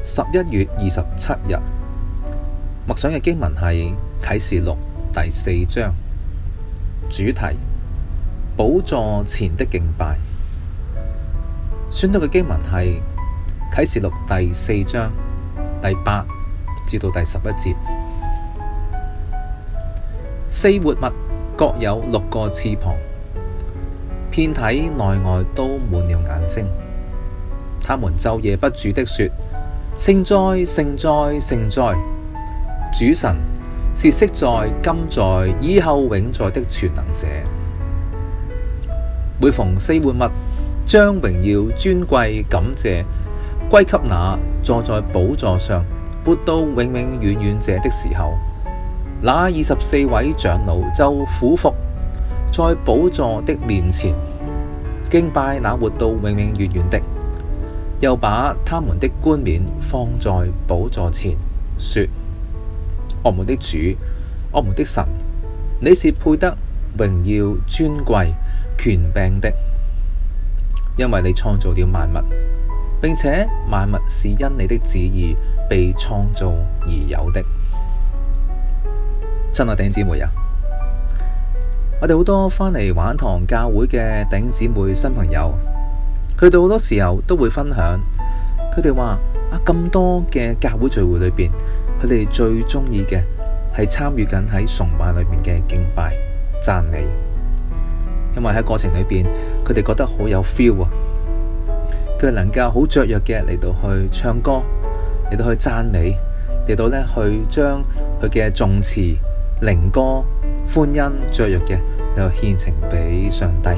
十一月二十七日默想嘅經文係啟示錄第四章主題，寶座前的敬拜。宣讀嘅經文係啟示錄第四章第八至到第十一節。四活物各有六個翅膀，遍體內外都滿了眼睛，他們晝夜不住的說。聖哉，聖哉，聖哉！主神是昔在、今在、以後永在的全能者。每逢四活物將榮耀、尊貴、感謝歸給那坐在寶座上活到永永遠遠者的時候，那二十四位長老就俯伏在寶座的面前敬拜那活到永永遠遠的。又把他們的冠冕放在寶座前，說：我們的主，我們的神，你是配得榮耀尊貴權柄的，因為你創造了萬物，並且萬物是因你的旨意被創造而有的。親愛頂姊妹啊，我哋好多返嚟華恩堂教會嘅頂姊妹新朋友。佢哋好多時候都會分享，佢哋話啊，咁多嘅教會聚會裏邊，佢哋最中意嘅係參與緊喺崇拜裏面嘅敬拜讚美，因為喺過程裏邊佢哋覺得好有 feel 啊，佢哋能夠好雀躍嘅嚟到去唱歌，嚟到去讚美，嚟到咧去將佢嘅頌詞、靈歌、歡欣雀躍嘅嚟到獻呈俾上帝。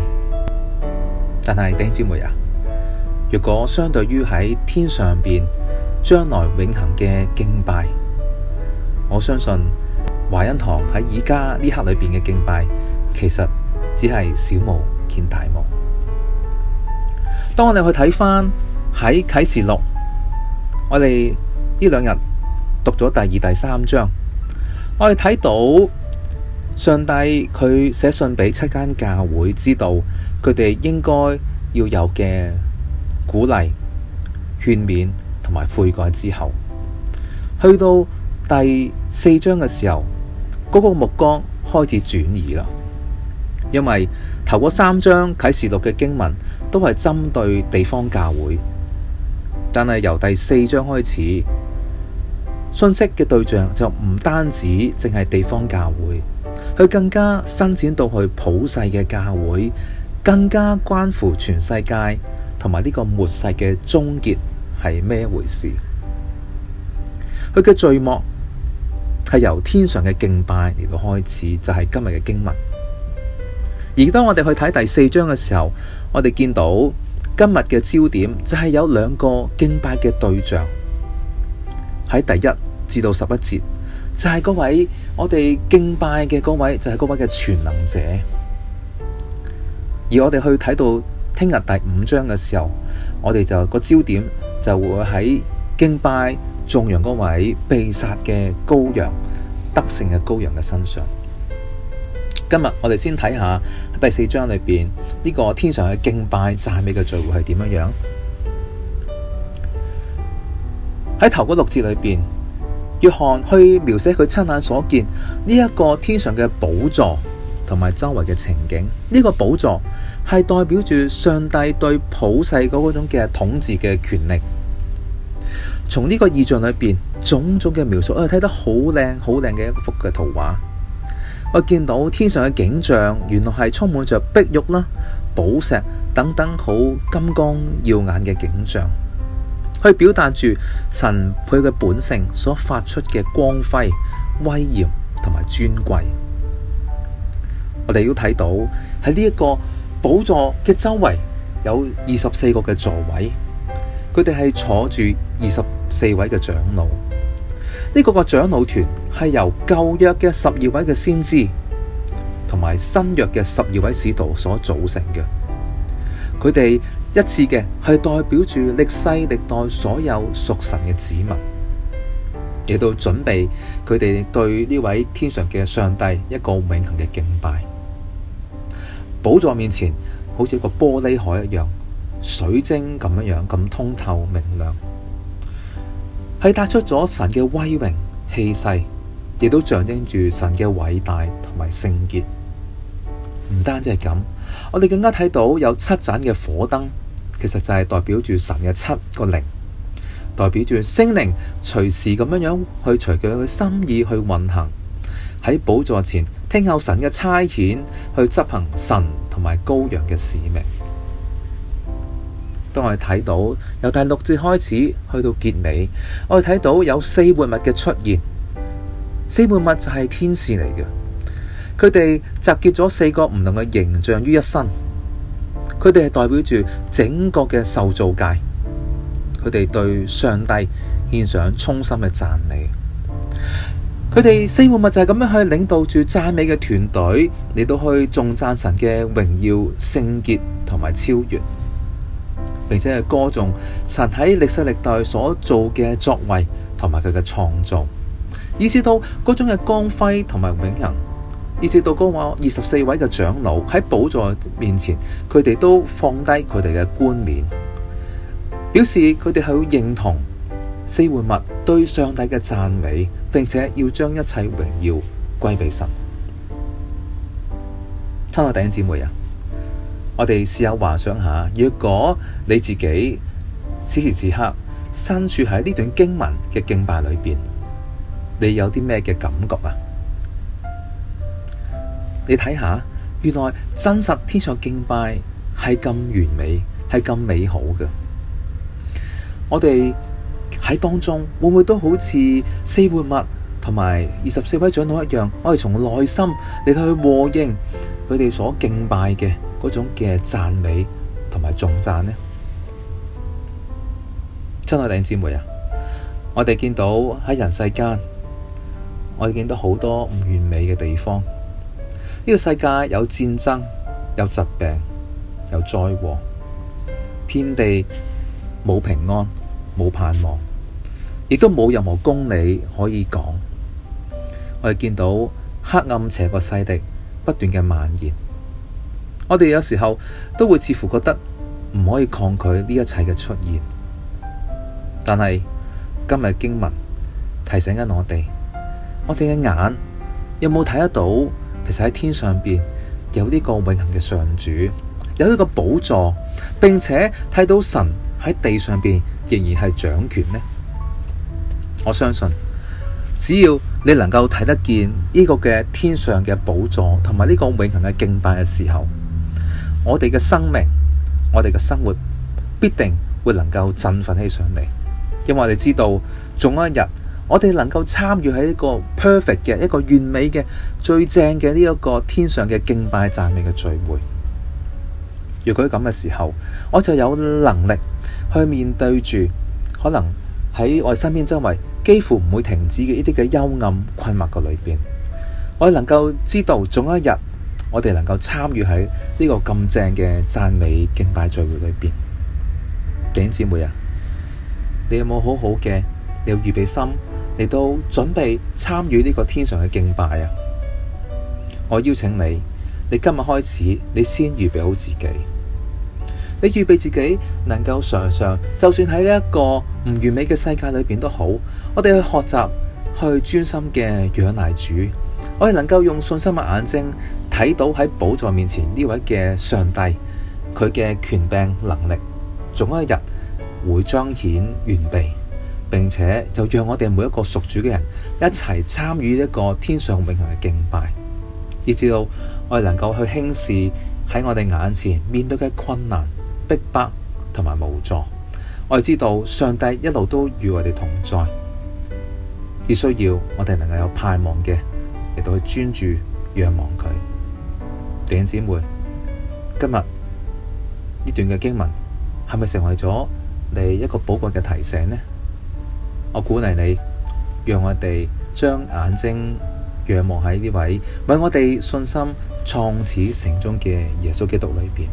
但係弟兄姊妹啊！若果相對於喺天上邊將來永恒嘅敬拜，我相信華恩堂喺而家呢刻裏邊嘅敬拜，其實只係小巫見大巫。當我哋去睇返喺啟示錄，我哋呢兩日讀咗第二、第三章，我哋睇到上帝佢寫信畀七間教會，知道佢哋應該要有嘅。鼓勵、勸勉同埋悔改之後，去到第四章嘅時候，嗰、那個目光開始轉移啦。因為頭嗰三章啟示錄嘅經文都係針對地方教會，但係由第四章開始，信息嘅對象就唔單止淨係地方教會，佢更加伸展到去普世嘅教會，更加關乎全世界。同埋呢個末世嘅終結係咩一回事？佢嘅序幕係由天上嘅敬拜嚟到開始，就係今日嘅經文。而當我哋去睇第四章嘅時候，我哋見到今日嘅焦點就係有兩個敬拜嘅對象。喺第一至到十一節，就係嗰位我哋敬拜嘅嗰位，就係嗰位嘅全能者。而我哋去睇到。聽日第五章嘅時候，我哋就、個焦點就會喺敬拜眾羊嗰位被殺嘅羔羊，得勝嘅羔羊嘅身上。今日我哋先睇下第四章裏邊呢、個天上嘅敬拜讚美嘅聚會係點樣樣。喺頭嗰六節裏邊，約翰去描寫佢親眼所見呢一、個天上嘅寶座。同埋周圍嘅情景，呢個寶座係代表住上帝對普世嗰嗰種嘅統治嘅權力。從呢個意象裏邊，種種嘅描述，我哋睇得好靚好靚嘅一幅嘅圖畫。我見到天上嘅景象，原來係充滿着碧玉啦、寶石等等好金光耀眼嘅景象，去表達住神佢嘅本性所發出嘅光輝、威嚴同埋尊貴。我哋都睇到喺呢一個寶座嘅周圍有二十四個嘅座位，佢哋係坐住二十四位嘅長老。呢個個長老團係由舊約嘅十二位嘅先知，同埋新約嘅十二位使徒所組成嘅。佢哋一致嘅係代表住歷世歷代所有屬神嘅子民，亦都準備佢哋對呢位天上嘅上帝一個永恆嘅敬拜。寶座面前好似個玻璃海一樣，水晶咁樣樣咁通透明亮，係帶出咗神嘅威榮氣勢，亦都象徵住神嘅偉大同埋聖潔。唔單止係咁，我哋更加睇到有七盞嘅火燈，其實就係代表住神嘅七個靈，代表住聖靈隨時咁樣樣去隨佢嘅心意去運行喺寶座前。聽候神嘅差遣去執行神同埋羔羊嘅使命。當我哋睇到由第六節開始去到結尾，我哋睇到有四活物嘅出現。四活物就係天使嚟嘅，佢哋集結咗四個唔同嘅形象於一身。佢哋係代表住整個嘅受造界，佢哋對上帝獻上衷心嘅讚美。佢哋四活物就係咁樣去領導住讚美嘅團隊嚟到去頌讚神嘅榮耀、聖潔同埋超越，並且係歌頌神喺歷史歷代所做嘅作為同埋佢嘅創造，以至到嗰種嘅光輝同埋永恆，以至到嗰個二十四位嘅長老喺寶座面前，佢哋都放低佢哋嘅冠冕，表示佢哋係好認同。四活物對上帝嘅讚美，並且要將一切榮耀歸畀神。親愛弟兄姊妹啊，我哋試下幻想下，若果你自己此時此刻身處喺呢段經文嘅敬拜裏邊，你有啲咩嘅感覺啊？你睇下，原來真實天上敬拜係咁完美，係咁美好嘅。我哋。喺當中會唔會都好似四活物同埋二十四位長老一樣？我哋從內心嚟到去和應佢哋所敬拜嘅嗰種嘅讚美同埋重讚呢？親愛弟兄姊妹啊，我哋見到喺人世間，我哋見到好多唔完美嘅地方。呢個世界有戰爭、有疾病、有災禍，遍地冇平安、冇盼望。亦都冇任何公理可以講，我哋見到黑暗邪惡勢力不斷嘅蔓延。我哋有時候都會似乎覺得唔可以抗拒呢一切嘅出現。但係今日經文提醒緊我哋，我哋嘅眼有冇睇得到其實喺天上邊有呢個永恆嘅上主，有呢個寶座，並且睇到神喺地上邊仍然係掌權呢？我相信，只要你能夠睇得見呢個嘅天上嘅寶座，同埋呢個永恒嘅敬拜嘅時候，我哋嘅生命，我哋嘅生活必定會能夠振奮起上嚟。因為我哋知道，總有一日我哋能夠參與喺一個 perfect 嘅一個完美嘅最正嘅呢一個天上嘅敬拜讚美嘅聚會。如果咁嘅時候，我就有能力去面對住可能喺我身邊周圍。幾乎唔會停止嘅呢啲嘅幽暗困惑嘅裏邊，我哋能夠知道，總有一日我哋能夠參與喺呢個咁正嘅讚美敬拜聚會裏邊。弟兄姊妹啊，你有冇好好嘅？你有預備心，你都準備參與呢個天上嘅敬拜啊？我邀請你，你今日開始，你先預備好自己。你預備自己能夠常常，就算喺呢一個唔完美嘅世界裏邊都好，我哋去學習去專心嘅仰賴主，我哋能夠用信心嘅眼睛睇到喺寶座面前呢位嘅上帝，佢嘅權柄能力，總有一日會彰顯完備。並且就讓我哋每一個屬主嘅人一齊參與呢一個天上永恆嘅敬拜，以至到我哋能夠去輕視喺我哋眼前面對嘅困難。逼迫同埋無助，我哋知道上帝一路都與我哋同在，只需要我哋能夠有盼望嘅，嚟到去專注仰望佢。弟兄姊妹，今日呢段嘅經文係咪成為咗你一個寶貴嘅提醒呢？我鼓勵你，讓我哋將眼睛仰望喺呢位為我哋信心創始成終嘅耶穌基督裏邊。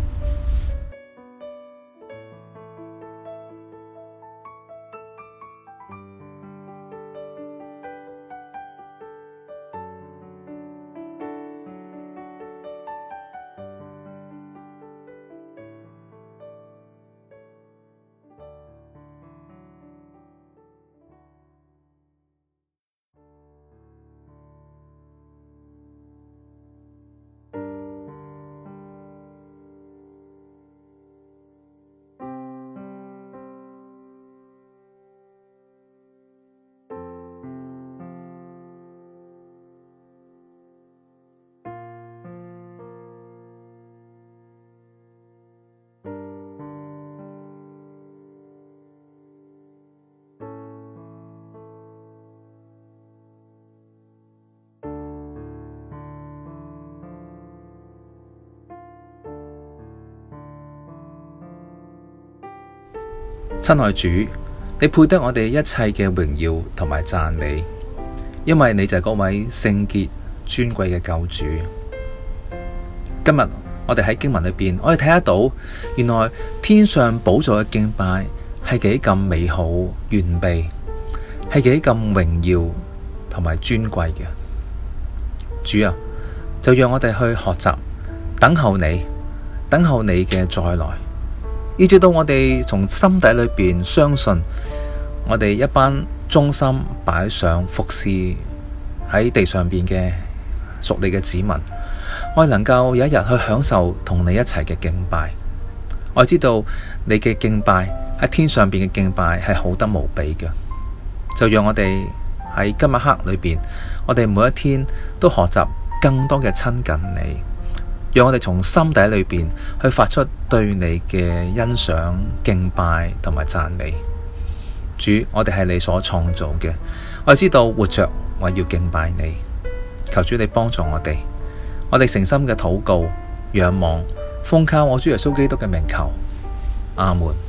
親愛主，你配得我哋一切嘅榮耀同埋讚美，因為你就係嗰位聖潔尊貴嘅救主。今日我哋喺經文裏邊，我哋睇得到，原來天上寶座嘅敬拜係幾咁美好完備，係幾咁榮耀同埋尊貴嘅。主啊，就讓我哋去學習，等候你，等候你嘅再來。以致到我哋從心底裏邊相信，我哋一班忠心擺上服侍喺地上邊嘅屬你嘅子民，我哋能夠有一日去享受同你一齊嘅敬拜。我知道你嘅敬拜喺天上邊嘅敬拜係好得無比嘅，就讓我哋喺今日刻裏邊，我哋每一天都學習更多嘅親近你。讓我哋從心底裏邊去發出對你嘅欣賞、敬拜同埋讚美，主，我哋係你所創造嘅，我知道活着我要敬拜你，求主你幫助我哋，我哋誠心嘅禱告、仰望、奉靠我主耶穌基督嘅名求，阿門。